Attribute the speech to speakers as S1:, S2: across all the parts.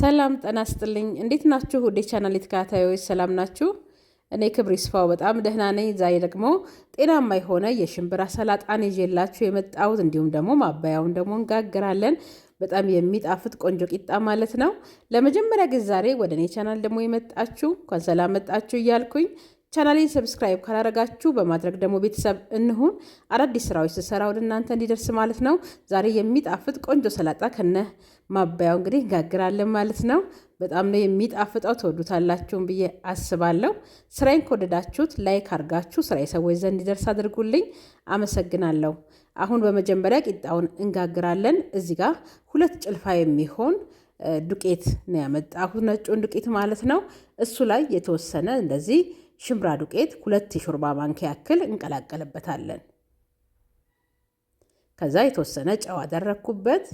S1: ሰላም ጤና ስጥልኝ እንዴት ናችሁ? ወደ ቻናል የተከታታዮች ሰላም ናችሁ? እኔ ክብር ይስፋው በጣም ደህና ነኝ። ዛሬ ደግሞ ጤናማ የሆነ የሽምብራ ሰላጣን ይዤላችሁ የመጣሁት እንዲሁም ደግሞ ማባያውን ደግሞ እንጋግራለን። በጣም የሚጣፍጥ ቆንጆ ቂጣ ማለት ነው። ለመጀመሪያ ጊዜ ዛሬ ወደ እኔ ቻናል ደግሞ የመጣችሁ እንኳን ሰላም መጣችሁ እያልኩኝ ቻናሌን ሰብስክራይብ ካላረጋችሁ በማድረግ ደግሞ ቤተሰብ እንሁን። አዳዲስ ስራዎች ስሰራ ወደ እናንተ እንዲደርስ ማለት ነው። ዛሬ የሚጣፍጥ ቆንጆ ሰላጣ ከነ ማባያው እንግዲህ እንጋግራለን ማለት ነው። በጣም ነው የሚጣፍጠው። ተወዱታላችሁን ብዬ አስባለሁ። ስራዬን ከወደዳችሁት ላይክ አርጋችሁ ስራ የሰዎች ዘንድ እንዲደርስ አድርጉልኝ። አመሰግናለሁ። አሁን በመጀመሪያ ቂጣውን እንጋግራለን። እዚህ ጋር ሁለት ጭልፋ የሚሆን ዱቄት ነው ያመጣሁት፣ ነጩን ዱቄት ማለት ነው። እሱ ላይ የተወሰነ እንደዚህ ሽምብራ ዱቄት ሁለት የሾርባ ማንኪያ ያክል እንቀላቀልበታለን። ከዛ የተወሰነ ጨው አደረግኩበት።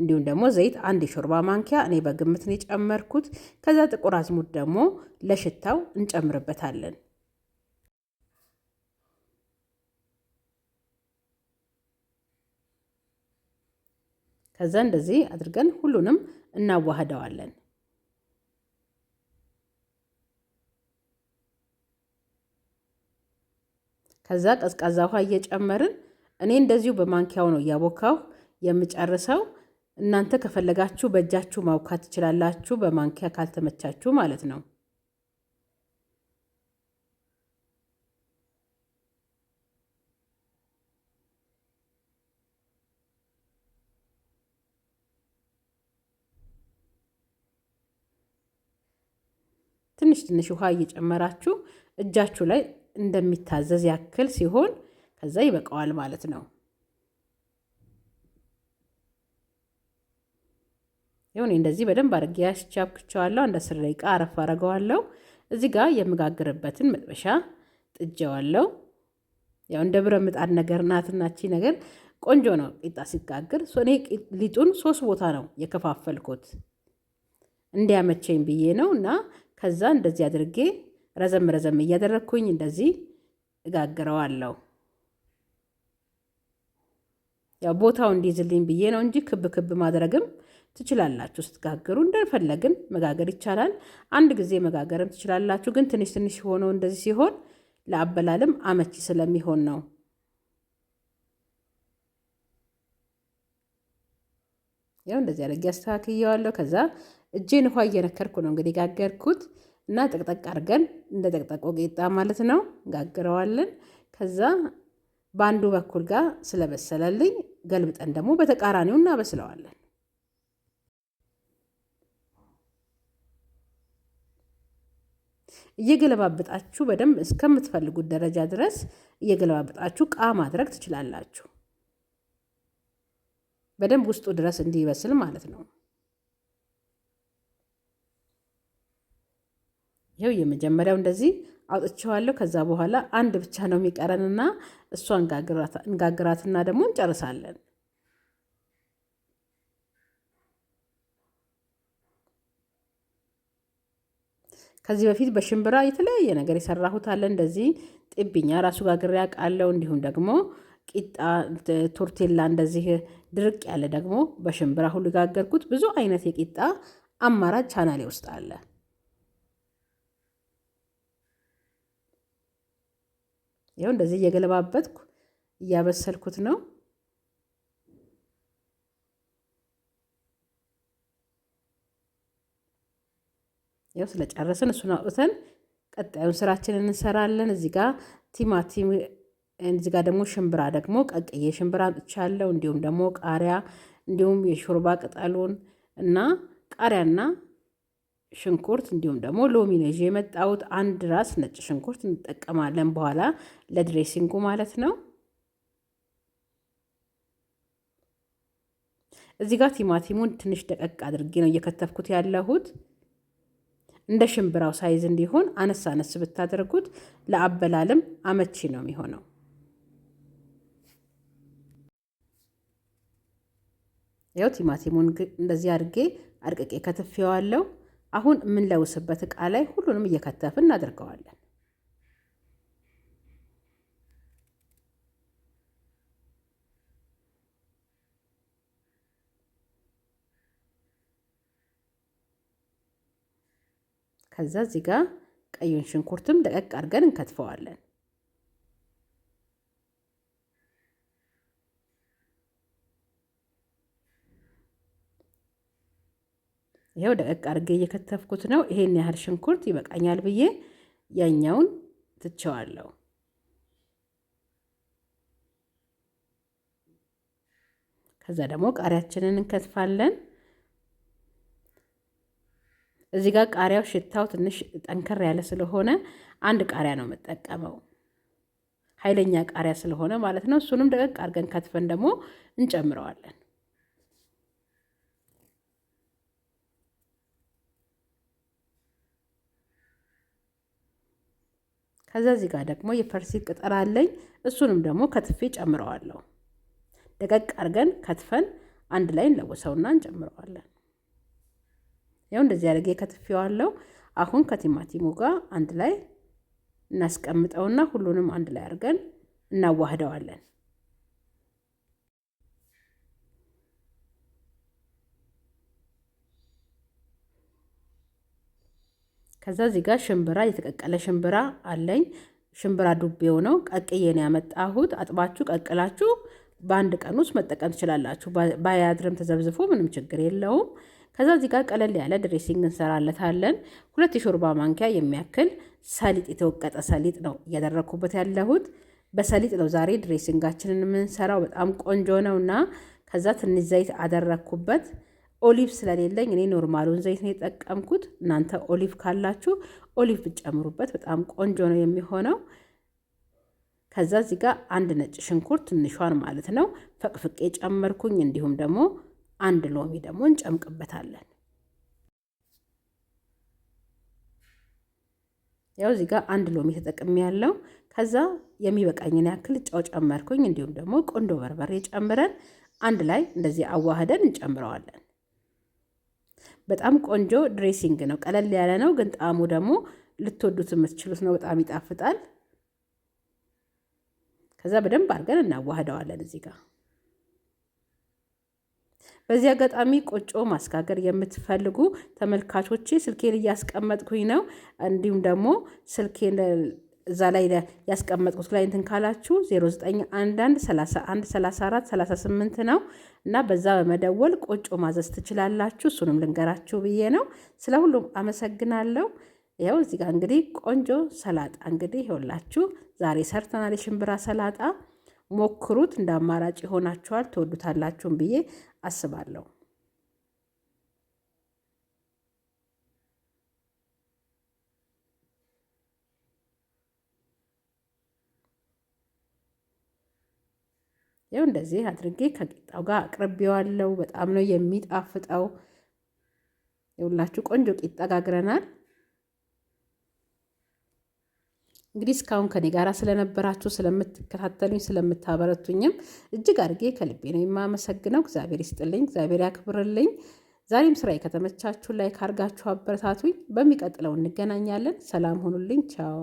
S1: እንዲሁም ደግሞ ዘይት አንድ የሾርባ ማንኪያ እኔ በግምት ነው የጨመርኩት። ከዛ ጥቁር አዝሙድ ደግሞ ለሽታው እንጨምርበታለን። ከዛ እንደዚህ አድርገን ሁሉንም እናዋህደዋለን። ከዛ ቀዝቃዛ ውሃ እየጨመርን እኔ እንደዚሁ በማንኪያው ነው እያቦካሁ የምጨርሰው። እናንተ ከፈለጋችሁ በእጃችሁ ማውካት ትችላላችሁ፣ በማንኪያ ካልተመቻችሁ ማለት ነው። ትንሽ ትንሽ ውሃ እየጨመራችሁ እጃችሁ ላይ እንደሚታዘዝ ያክል ሲሆን ከዛ ይበቃዋል ማለት ነው። ይሁን እንደዚህ በደንብ አድርጌ ያስቻብክቸዋለሁ። አንድ አስር ደቂቃ አረፍ አረገዋለሁ። እዚህ ጋር የምጋግርበትን መጥበሻ ጥጀዋለሁ። ያው እንደ ብረ ምጣድ ነገር ናትናቺ ነገር ቆንጆ ነው። ቂጣ ሲጋግር እኔ ሊጡን ሶስት ቦታ ነው የከፋፈልኩት እንዲያመቸኝ ብዬ ነው እና ከዛ እንደዚህ አድርጌ ረዘም ረዘም እያደረግኩኝ እንደዚህ እጋግረዋለሁ። ያው ቦታው እንዲይዝልኝ ብዬ ነው እንጂ ክብ ክብ ማድረግም ትችላላችሁ። ስትጋግሩ እንደፈለግን መጋገር ይቻላል። አንድ ጊዜ መጋገርም ትችላላችሁ። ግን ትንሽ ትንሽ ሆኖ እንደዚህ ሲሆን ለአበላልም አመቺ ስለሚሆን ነው። ያው እንደዚህ አድርጌ አስተካክየዋለሁ። ከዛ እጄን ውሃ እየነከርኩ ነው እንግዲህ ጋገርኩት እና ጠቅጠቅ አድርገን እንደ ጠቅጠቆ ጌጣ ማለት ነው ጋግረዋለን። ከዛ በአንዱ በኩል ጋር ስለበሰለልኝ ገልብጠን ደግሞ በተቃራኒው እናበስለዋለን። እየገለባበጣችሁ በደንብ እስከምትፈልጉት ደረጃ ድረስ እየገለባበጣችሁ ቃ ማድረግ ትችላላችሁ። በደንብ ውስጡ ድረስ እንዲበስል ማለት ነው። ይኸው የመጀመሪያው እንደዚህ አውጥቼዋለሁ። ከዛ በኋላ አንድ ብቻ ነው የሚቀረንና እሷ እንጋግራትና ደግሞ እንጨርሳለን። ከዚህ በፊት በሽምብራ የተለያየ ነገር የሰራሁት አለ። እንደዚህ ጥብኛ ራሱ ጋግሬ አውቃለሁ። እንዲሁም ደግሞ ቂጣ፣ ቶርቴላ እንደዚህ ድርቅ ያለ ደግሞ በሽምብራ ሁሉ ጋገርኩት። ብዙ አይነት የቂጣ አማራጭ ቻናሌ ውስጥ አለ። ይኸው እንደዚህ እየገለባበትኩ እያበሰልኩት ነው። ስለጨረስን እሱን አውጥተን ቀጣዩን ስራችንን እንሰራለን። እዚህ ጋር ቲማቲም እዚህ ጋር ደግሞ ሽምብራ ደግሞ ቀቅዬ ሽምብራ አምጥቻለሁ። እንዲሁም ደግሞ ቃሪያ እንዲሁም የሾርባ ቅጠሉን እና ቃሪያና ሽንኩርት እንዲሁም ደግሞ ሎሚ ነው ይዤ የመጣሁት። አንድ ራስ ነጭ ሽንኩርት እንጠቀማለን በኋላ ለድሬሲንጉ ማለት ነው። እዚህ ጋር ቲማቲሙን ትንሽ ደቀቅ አድርጌ ነው እየከተፍኩት ያለሁት። እንደ ሽምብራው ሳይዝ እንዲሆን አነስ አነስ ብታደርጉት ለአበላልም አመቺ ነው የሚሆነው። ያው ቲማቲሙን እንደዚህ አድርጌ አድቅቄ ከትፌዋለሁ። አሁን የምንለውስበት እቃ ላይ ሁሉንም እየከተፍን እናደርገዋለን። ከዛ እዚህ ጋር ቀዩን ሽንኩርትም ደቀቅ አድርገን እንከትፈዋለን። ይኸው ደቀቅ አድርጌ እየከተፍኩት ነው። ይሄን ያህል ሽንኩርት ይበቃኛል ብዬ ያኛውን ትቸዋለሁ። ከዛ ደግሞ ቃሪያችንን እንከትፋለን። እዚህ ጋር ቃሪያው ሽታው ትንሽ ጠንከር ያለ ስለሆነ አንድ ቃሪያ ነው የምጠቀመው፣ ኃይለኛ ቃሪያ ስለሆነ ማለት ነው። እሱንም ደቀቅ አድርገን ከትፈን ደግሞ እንጨምረዋለን። ከዛ እዚህ ጋር ደግሞ የፈርሲ ቅጠል አለኝ። እሱንም ደግሞ ከትፌ ጨምረዋለሁ። ደቀቅ አድርገን ከትፈን አንድ ላይ እንለውሰውና እንጨምረዋለን። ያው እንደዚህ አድርጌ ከትፌዋለሁ። አሁን ከቲማቲሙ ጋር አንድ ላይ እናስቀምጠውና ሁሉንም አንድ ላይ አድርገን እናዋህደዋለን። ከዛ እዚህ ጋር ሽምብራ የተቀቀለ ሽምብራ አለኝ። ሽምብራ ዱቤው ነው ቀቅዬ ነው ያመጣሁት። አጥባችሁ ቀቅላችሁ በአንድ ቀን ውስጥ መጠቀም ትችላላችሁ። ባያድርም ተዘብዝፎ ምንም ችግር የለውም። ከዛ እዚህ ጋር ቀለል ያለ ድሬሲንግ እንሰራለታለን። ሁለት የሾርባ ማንኪያ የሚያክል ሰሊጥ የተወቀጠ ሰሊጥ ነው እያደረግኩበት ያለሁት። በሰሊጥ ነው ዛሬ ድሬሲንጋችንን የምንሰራው። በጣም ቆንጆ ነው እና ከዛ ትንሽ ዘይት አደረግኩበት። ኦሊቭ ስለሌለኝ እኔ ኖርማሉን ዘይት ነው የጠቀምኩት። እናንተ ኦሊቭ ካላችሁ ኦሊቭ ብጨምሩበት በጣም ቆንጆ ነው የሚሆነው። ከዛ እዚህ ጋር አንድ ነጭ ሽንኩርት ትንሿን ማለት ነው ፈቅፍቄ ጨመርኩኝ። እንዲሁም ደግሞ አንድ ሎሚ ደግሞ እንጨምቅበታለን። ያው እዚህ ጋር አንድ ሎሚ ተጠቅሜ ያለው ከዛ የሚበቃኝን ያክል ጨው ጨመርኩኝ። እንዲሁም ደግሞ ቆንዶ በርበሬ ጨምረን አንድ ላይ እንደዚህ አዋህደን እንጨምረዋለን። በጣም ቆንጆ ድሬሲንግ ነው። ቀለል ያለ ነው፣ ግን ጣዕሙ ደግሞ ልትወዱት የምትችሉት ነው። በጣም ይጣፍጣል። ከዛ በደንብ አድርገን እናዋህደዋለን እዚህ ጋር። በዚህ አጋጣሚ ቆጮ ማስጋገር የምትፈልጉ ተመልካቾቼ ስልኬን እያስቀመጥኩኝ ነው። እንዲሁም ደግሞ ስልኬን እዛ ላይ ያስቀመጥኩት ላይ እንትን ካላችሁ 0911313438 ነው እና በዛ በመደወል ቆጮ ማዘዝ ትችላላችሁ። እሱንም ልንገራችሁ ብዬ ነው። ስለ ሁሉም አመሰግናለሁ። ያው እዚህ ጋር እንግዲህ ቆንጆ ሰላጣ እንግዲህ ይኸውላችሁ ዛሬ ሰርተናል። የሽምብራ ሰላጣ ሞክሩት፣ እንደ አማራጭ ይሆናችኋል። ትወዱታላችሁም ብዬ አስባለሁ። ይኸው እንደዚህ አድርጌ ከቂጣው ጋር አቅርቤዋለሁ። በጣም ነው የሚጣፍጠው። የሁላችሁ ቆንጆ ቂጣ ጋግረናል። እንግዲህ እስካሁን ከኔ ጋር ስለነበራችሁ ስለምትከታተሉኝ፣ ስለምታበረቱኝም እጅግ አድርጌ ከልቤ ነው የማመሰግነው። እግዚአብሔር ይስጥልኝ፣ እግዚአብሔር ያክብርልኝ። ዛሬም ስራዬ ከተመቻችሁ ላይክ አድርጋችሁ አበረታቱኝ። በሚቀጥለው እንገናኛለን። ሰላም ሆኑልኝ። ቻው